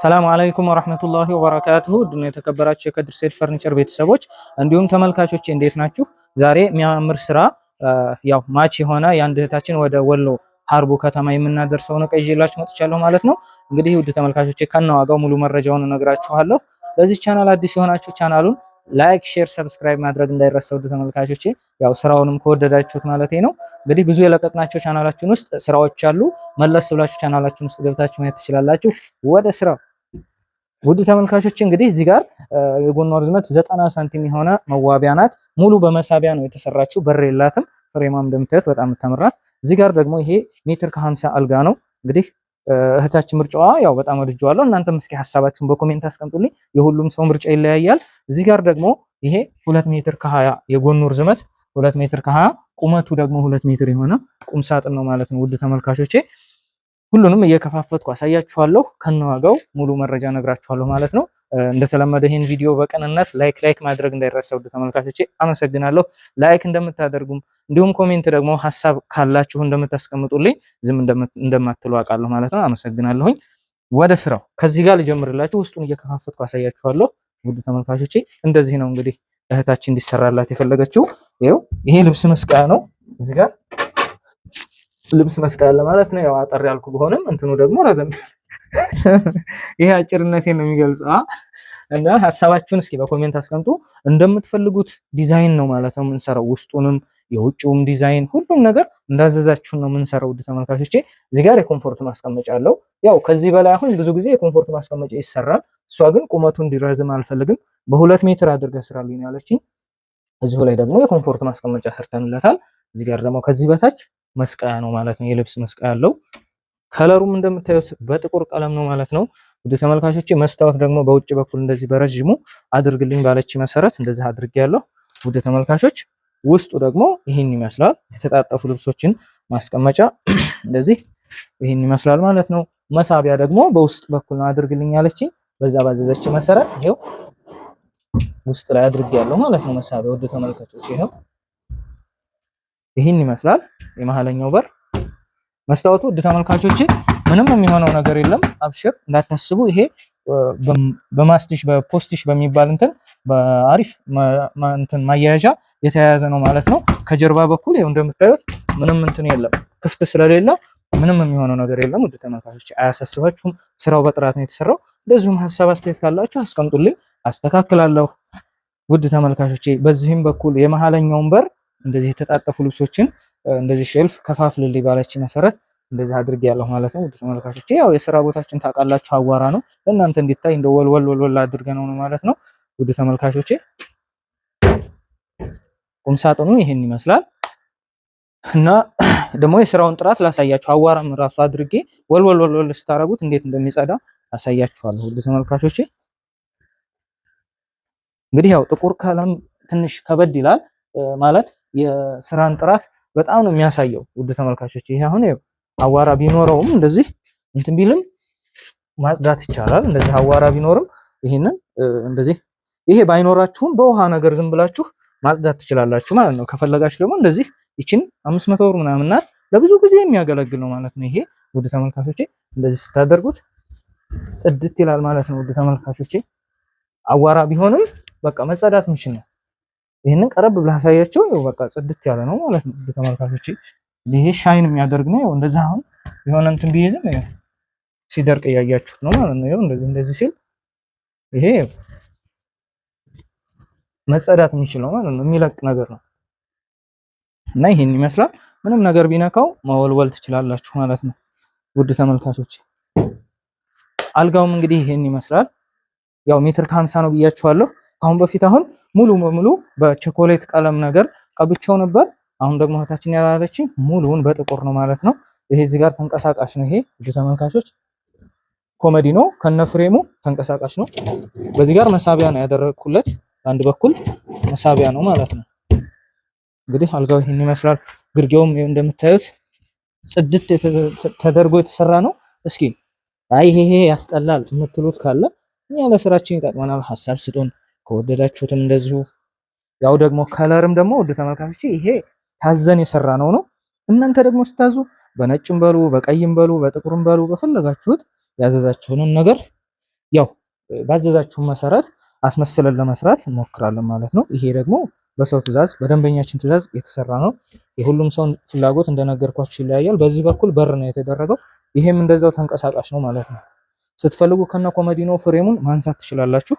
ሰላም አለይኩም ወራህመቱላሂ ወበረካቱሁ ድነ የተከበራችሁ የከድር ሴት ፈርኒቸር ቤተሰቦች እንዲሁም ተመልካቾች እንዴት ናችሁ? ዛሬ የሚያምር ስራ ያው ማች የሆነ የአንድ እህታችን ወደ ወሎ ሀርቡ ከተማ የምናደርሰውን እቃ ይዤላችሁ መጥቻለሁ ማለት ነው። እንግዲህ ውድ ተመልካቾች ከነዋጋው ሙሉ መረጃውን እነግራችኋለሁ። ለዚህ ቻናል አዲስ የሆናችሁ ቻናሉን ላይክ፣ ሼር፣ ሰብስክራይብ ማድረግ እንዳይረሳ ውድ ያው ስራውንም ከወደዳችሁት ማለት ነው እንግዲህ ብዙ የለቀጥናቸው ቻናላችን ውስጥ ስራዎች አሉ። መለስ ብላችሁ ቻናላችን ውስጥ ገብታችሁ ማየት ትችላላችሁ። ወደ ስራው ውድ ተመልካቾች እንግዲህ እዚህ ጋር የጎኗ ርዝመት ዘጠና ሳንቲም የሆነ መዋቢያ ናት። ሙሉ በመሳቢያ ነው የተሰራችው። በር የላትም። ፍሬማም እንደምታዩት በጣም የምታምራት። እዚህ ጋር ደግሞ ይሄ ሜትር ከሀምሳ አልጋ ነው እንግዲህ እህታችን ምርጫዋ ያው በጣም ወድጀዋለሁ። እናንተም እስኪ ሀሳባችሁን በኮሜንት አስቀምጡልኝ። የሁሉም ሰው ምርጫ ይለያያል። እዚህ ጋር ደግሞ ይሄ ሁለት ሜትር ከሀያ የጎኑ ርዝመት ሁለት ሜትር ከሀያ ቁመቱ ደግሞ ሁለት ሜትር የሆነ ቁም ሳጥን ነው ማለት ነው ውድ ተመልካቾቼ። ሁሉንም እየከፋፈትኩ አሳያችኋለሁ። ከነዋጋው ሙሉ መረጃ ነግራችኋለሁ ማለት ነው። እንደተለመደ ይህን ቪዲዮ በቅንነት ላይክ ላይክ ማድረግ እንዳይረሳ ውድ ተመልካቾቼ አመሰግናለሁ። ላይክ እንደምታደርጉም እንዲሁም ኮሜንት ደግሞ ሀሳብ ካላችሁ እንደምታስቀምጡልኝ ዝም እንደማትሉ አውቃለሁ ማለት ነው። አመሰግናለሁኝ። ወደ ስራው ከዚህ ጋር ልጀምርላችሁ። ውስጡን እየከፋፈትኩ አሳያችኋለሁ ውድ ተመልካቾቼ። እንደዚህ ነው እንግዲህ እህታችን እንዲሰራላት የፈለገችው። ይኸው ይሄ ልብስ መስቀያ ነው እዚህ ጋር ልብስ መስቀል ማለት ነው። ያው አጠር ያልኩ ቢሆንም እንትኑ ደግሞ ረዘም ይሄ አጭርነቴን ነው የሚገልጸው። እና ሀሳባችሁን እስኪ በኮሜንት አስቀምጡ። እንደምትፈልጉት ዲዛይን ነው ማለት ነው የምንሰራው። ውስጡንም የውጭውም ዲዛይን ሁሉም ነገር እንዳዘዛችሁን ነው የምንሰራው። ውድ ተመልካቾቼ እዚህ ጋር የኮምፎርት ማስቀመጫ አለው። ያው ከዚህ በላይ አሁን ብዙ ጊዜ የኮምፎርት ማስቀመጫ ይሰራል። እሷ ግን ቁመቱ እንዲረዝም አልፈልግም፣ በሁለት ሜትር አድርጋ ስራልኝ ያለችኝ። እዚሁ ላይ ደግሞ የኮንፎርት ማስቀመጫ ሰርተንለታል። እዚህ ጋር ደግሞ ከዚህ በታች መስቀያ ነው ማለት ነው። የልብስ መስቀያ አለው። ከለሩም እንደምታዩት በጥቁር ቀለም ነው ማለት ነው። ውድ ተመልካቾች መስታወት ደግሞ በውጭ በኩል እንደዚህ በረዥሙ አድርግልኝ ባለች መሰረት እንደዚህ አድርጌ ያለው። ውድ ተመልካቾች ውስጡ ደግሞ ይህን ይመስላል። የተጣጠፉ ልብሶችን ማስቀመጫ እንደዚህ ይህን ይመስላል ማለት ነው። መሳቢያ ደግሞ በውስጥ በኩል ነው አድርግልኝ ያለችኝ። በዛ ባዘዘች መሰረት ይሄው ውስጥ ላይ አድርጌ ያለው ማለት ነው። መሳቢያ ውድ ተመልካቾች ይሄው ይህን ይመስላል የመሀለኛው በር መስታወቱ። ውድ ተመልካቾች ምንም የሚሆነው ነገር የለም አብሽር እንዳታስቡ። ይሄ በማስቲሽ በፖስቲሽ በሚባል እንትን በአሪፍ እንትን ማያያዣ የተያያዘ ነው ማለት ነው። ከጀርባ በኩል ይኸው እንደምታዩት ምንም እንትን የለም ክፍት ስለሌለ ምንም የሚሆነው ነገር የለም። ውድ ተመልካቾች አያሳስባችሁም። ስራው በጥራት ነው የተሰራው። እንደዚሁም ሀሳብ አስተያየት ካላችሁ አስቀምጡልኝ፣ አስተካክላለሁ። ውድ ተመልካቾቼ በዚህም በኩል የመሀለኛውን በር እንደዚህ የተጣጠፉ ልብሶችን እንደዚህ ሼልፍ ከፋፍልልኝ ባለች መሰረት እንደዚህ አድርግ ያለሁ ማለት ነው። ተመልካቾች ያው የስራ ቦታችን ታውቃላችሁ፣ አዋራ ነው። ለእናንተ እንዲታይ እንደ ወልወል ወልወል አድርገ ነው ማለት ነው። ውድ ተመልካቾች ቁምሳጥኑ ይህን ይመስላል እና ደግሞ የስራውን ጥራት ላሳያችሁ። አዋራም ራሱ አድርጌ ወልወል ወልወል ስታረጉት እንዴት እንደሚጸዳ አሳያችኋለሁ። ውድ ተመልካቾች እንግዲህ ያው ጥቁር ቀለም ትንሽ ከበድ ይላል። ማለት የስራን ጥራት በጣም ነው የሚያሳየው። ውድ ተመልካቾች ይሄ አሁን አዋራ ቢኖረውም እንደዚህ እንትን ቢልም ማጽዳት ይቻላል። እንደዚህ አዋራ ቢኖርም ይሄንን እንደዚህ ይሄ ባይኖራችሁም በውሃ ነገር ዝም ብላችሁ ማጽዳት ትችላላችሁ ማለት ነው። ከፈለጋችሁ ደግሞ እንደዚህ ይችን አምስት መቶ ብር ምናምን ናት ለብዙ ጊዜ የሚያገለግል ነው ማለት ነው። ይሄ ውድ ተመልካቾቼ እንደዚህ ስታደርጉት ጽድት ይላል ማለት ነው። ውድ ተመልካቾቼ አዋራ ቢሆንም በቃ መጸዳት ምችል ነው። ይህንን ቀረብ ብለህ አሳያቸው። ያው በቃ ጽድት ያለ ነው ማለት ነው። ተመልካቾች ይሄ ሻይን የሚያደርግ ነው። ያው እንደዛ አሁን የሆነ እንትን ቢይዝም ሲደርቅ እያያችሁት ነው ማለት ነው። ያው እንደዚህ እንደዚህ ሲል ይሄ መጸዳት ነው ማለት ነው። የሚለቅ ነገር ነው እና ይሄን ይመስላል። ምንም ነገር ቢነካው መወልወል ትችላላችሁ ማለት ነው። ውድ ተመልካቾች አልጋውም እንግዲህ ይሄን ይመስላል። ያው ሜትር ከሀምሳ ነው ብያችኋለሁ ከአሁን በፊት አሁን ሙሉ በሙሉ በቸኮሌት ቀለም ነገር ቀብቸው ነበር። አሁን ደግሞ እህታችን ያላለችኝ ሙሉውን በጥቁር ነው ማለት ነው። ይሄ እዚህ ጋር ተንቀሳቃሽ ነው። ይሄ ውድ ተመልካቾች ኮሜዲ ነው፣ ከነፍሬሙ ተንቀሳቃሽ ነው። በዚህ ጋር መሳቢያ ነው ያደረግኩለት፣ በአንድ በኩል መሳቢያ ነው ማለት ነው። እንግዲህ አልጋው ይህን ይመስላል። ግርጌውም እንደምታዩት ጽድት ተደርጎ የተሰራ ነው። እስኪ አይ ይሄ ያስጠላል የምትሉት ካለ እኛ ለስራችን ይጠቅመናል፣ ሀሳብ ስጡን። ከወደዳችሁትም እንደዚሁ ያው ደግሞ ከለርም ደግሞ ውድ ተመልካቾች ይሄ ታዘን የሰራ ነው ነው። እናንተ ደግሞ ስታዙ በነጭም በሉ በቀይም በሉ በጥቁርም በሉ በፈለጋችሁት ያዘዛችሁንን ነገር ያው ባዘዛችሁ መሰረት አስመስለን ለመስራት እንሞክራለን ማለት ነው። ይሄ ደግሞ በሰው ትዕዛዝ በደንበኛችን ትዕዛዝ የተሰራ ነው። የሁሉም ሰው ፍላጎት እንደነገርኳችሁ ይለያያል። በዚህ በኩል በር ነው የተደረገው። ይሄም እንደዛው ተንቀሳቃሽ ነው ማለት ነው። ስትፈልጉ ከነ ኮመዲኖ ፍሬሙን ማንሳት ትችላላችሁ።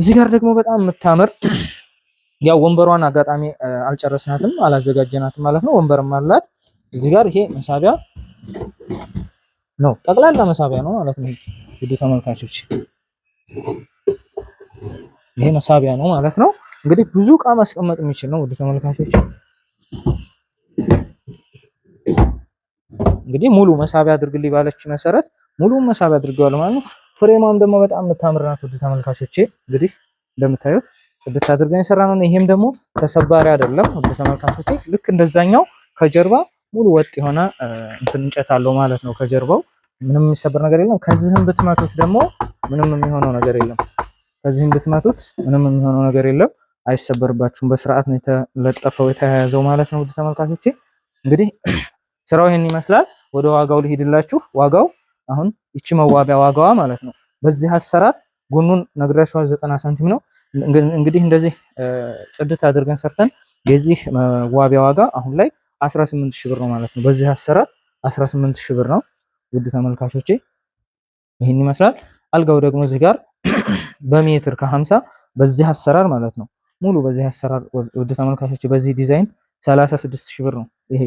እዚህ ጋር ደግሞ በጣም የምታምር ያው ወንበሯን አጋጣሚ አልጨረስናትም አላዘጋጀናትም ማለት ነው። ወንበርም አላት እዚህ ጋር ይሄ መሳቢያ ነው፣ ጠቅላላ መሳቢያ ነው ማለት ነው። ውድ ተመልካቾች ይሄ መሳቢያ ነው ማለት ነው። እንግዲህ ብዙ እቃ ማስቀመጥ የሚችል ነው። ውድ ተመልካቾች እንግዲህ ሙሉ መሳቢያ አድርግልኝ ባለች መሰረት ሙሉ መሳቢያ አድርገዋል ማለት ነው። ፍሬማም ደግሞ በጣም የምታምር ናት። ውድ ተመልካቾቼ እንግዲህ እንደምታዩት ጽድት አድርገን የሰራ ነው። ይሄም ደግሞ ተሰባሪ አይደለም ውድ ተመልካቾቼ። ልክ እንደዛኛው ከጀርባ ሙሉ ወጥ የሆነ እንትን እንጨት አለው ማለት ነው። ከጀርባው ምንም የሚሰበር ነገር የለም። ከዚህም ብትመቱት ደግሞ ምንም የሚሆነው ነገር የለም። ከዚህም ብትመቱት ምንም የሚሆነው ነገር የለም። አይሰበርባችሁም። በስርዓት ነው የተለጠፈው የተያያዘው ማለት ነው። ውድ ተመልካቾቼ እንግዲህ ስራው ይሄን ይመስላል። ወደ ዋጋው ሊሄድላችሁ ዋጋው አሁን ይቺ መዋቢያ ዋጋዋ ማለት ነው። በዚህ አሰራር ጎኑን ነግራችኋል፣ ዘጠና ሳንቲም ነው። እንግዲህ እንደዚህ ጽድት አድርገን ሰርተን የዚህ መዋቢያ ዋጋ አሁን ላይ 18 ሺህ ብር ነው ማለት ነው። በዚህ አሰራር 18 ሺህ ብር ነው። ውድ ተመልካቾቼ ይህን ይመስላል። አልጋው ደግሞ እዚህ ጋር በሜትር ከ50 በዚህ አሰራር ማለት ነው። ሙሉ በዚህ አሰራር ውድ ተመልካቾቼ በዚህ ዲዛይን 36 ሺህ ብር ነው። ይሄ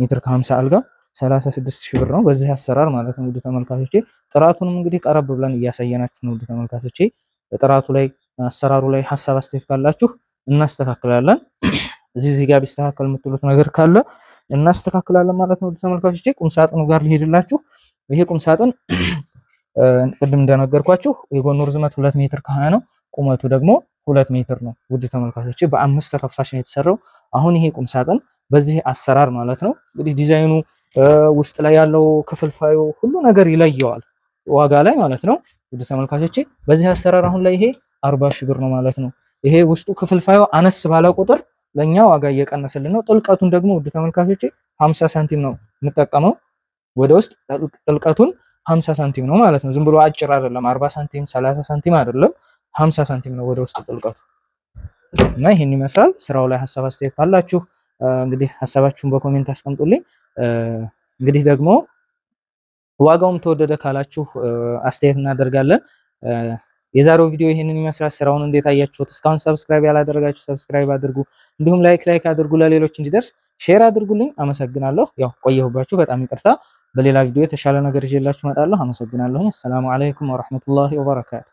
ሜትር ከ50 አልጋ 36 ሺህ ብር ነው በዚህ አሰራር ማለት ነው ውድ ተመልካቾቼ። ጥራቱንም እንግዲህ ቀረብ ብለን እያሳየናችሁ ነው ውድ ተመልካቾቼ። ጥራቱ ላይ አሰራሩ ላይ ሀሳብ አስተያየት ካላችሁ እናስተካክላለን። እዚህ እዚህ ጋር ቢስተካከል የምትሉት ነገር ካለ እናስተካክላለን ማለት ነው ውድ ተመልካቾቼ። ቁም ሳጥኑ ጋር ሊሄድላችሁ ይሄ ቁም ሳጥን ቅድም እንደነገርኳችሁ የጎኑ ርዝመት ሁለት ሜትር ከሀያ ነው። ቁመቱ ደግሞ ሁለት ሜትር ነው ውድ ተመልካቾቼ። በአምስት ተከፋሽ ነው የተሰራው። አሁን ይሄ ቁም ሳጥን በዚህ አሰራር ማለት ነው እንግዲህ ዲዛይኑ ውስጥ ላይ ያለው ክፍልፋዩ ሁሉ ነገር ይለየዋል ዋጋ ላይ ማለት ነው። ውድ ተመልካቾቼ በዚህ አሰራር አሁን ላይ ይሄ አርባ ሺህ ብር ነው ማለት ነው። ይሄ ውስጡ ክፍልፋዩ አነስ ባለ ቁጥር ለኛ ዋጋ እየቀነሰልን ነው። ጥልቀቱን ደግሞ ውድ ተመልካቾቼ 50 ሳንቲም ነው የምጠቀመው ወደ ውስጥ ጥልቀቱን 50 ሳንቲም ነው ማለት ነው። ዝም ብሎ አጭር አይደለም፣ 40 ሳንቲም 30 ሳንቲም አይደለም፣ 50 ሳንቲም ነው ወደ ውስጥ ጥልቀቱ እና ይሄን ይመስላል። ስራው ላይ ሀሳብ አስተያየት ካላችሁ እንግዲህ ሀሳባችሁን በኮሜንት አስቀምጡልኝ። እንግዲህ ደግሞ ዋጋውም ተወደደ ካላችሁ አስተያየት እናደርጋለን። የዛሬው ቪዲዮ ይህንን ይመስላል። ስራውን እንዴት አያችሁት? እስካሁን ሰብስክራይብ ያላደረጋችሁ ሰብስክራይብ አድርጉ፣ እንዲሁም ላይክ ላይክ አድርጉ፣ ለሌሎች እንዲደርስ ሼር አድርጉልኝ። አመሰግናለሁ። ያው ቆየሁባችሁ፣ በጣም ይቅርታ። በሌላ ቪዲዮ የተሻለ ነገር ይዤላችሁ እመጣለሁ። አመሰግናለሁ። አሰላሙ አለይኩም ወራህመቱላሂ ወበረካቱ